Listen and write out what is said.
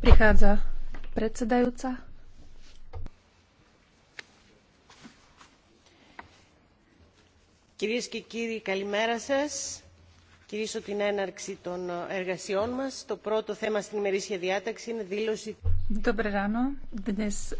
Prichádza predsedajúca. Κυρίες και κύριοι, καλημέρα σας. Κυρίσω την έναρξη των εργασιών μας. Το πρώτο θέμα στην ημερήσια διάταξη είναι δήλωση... Dobré ráno. Dnes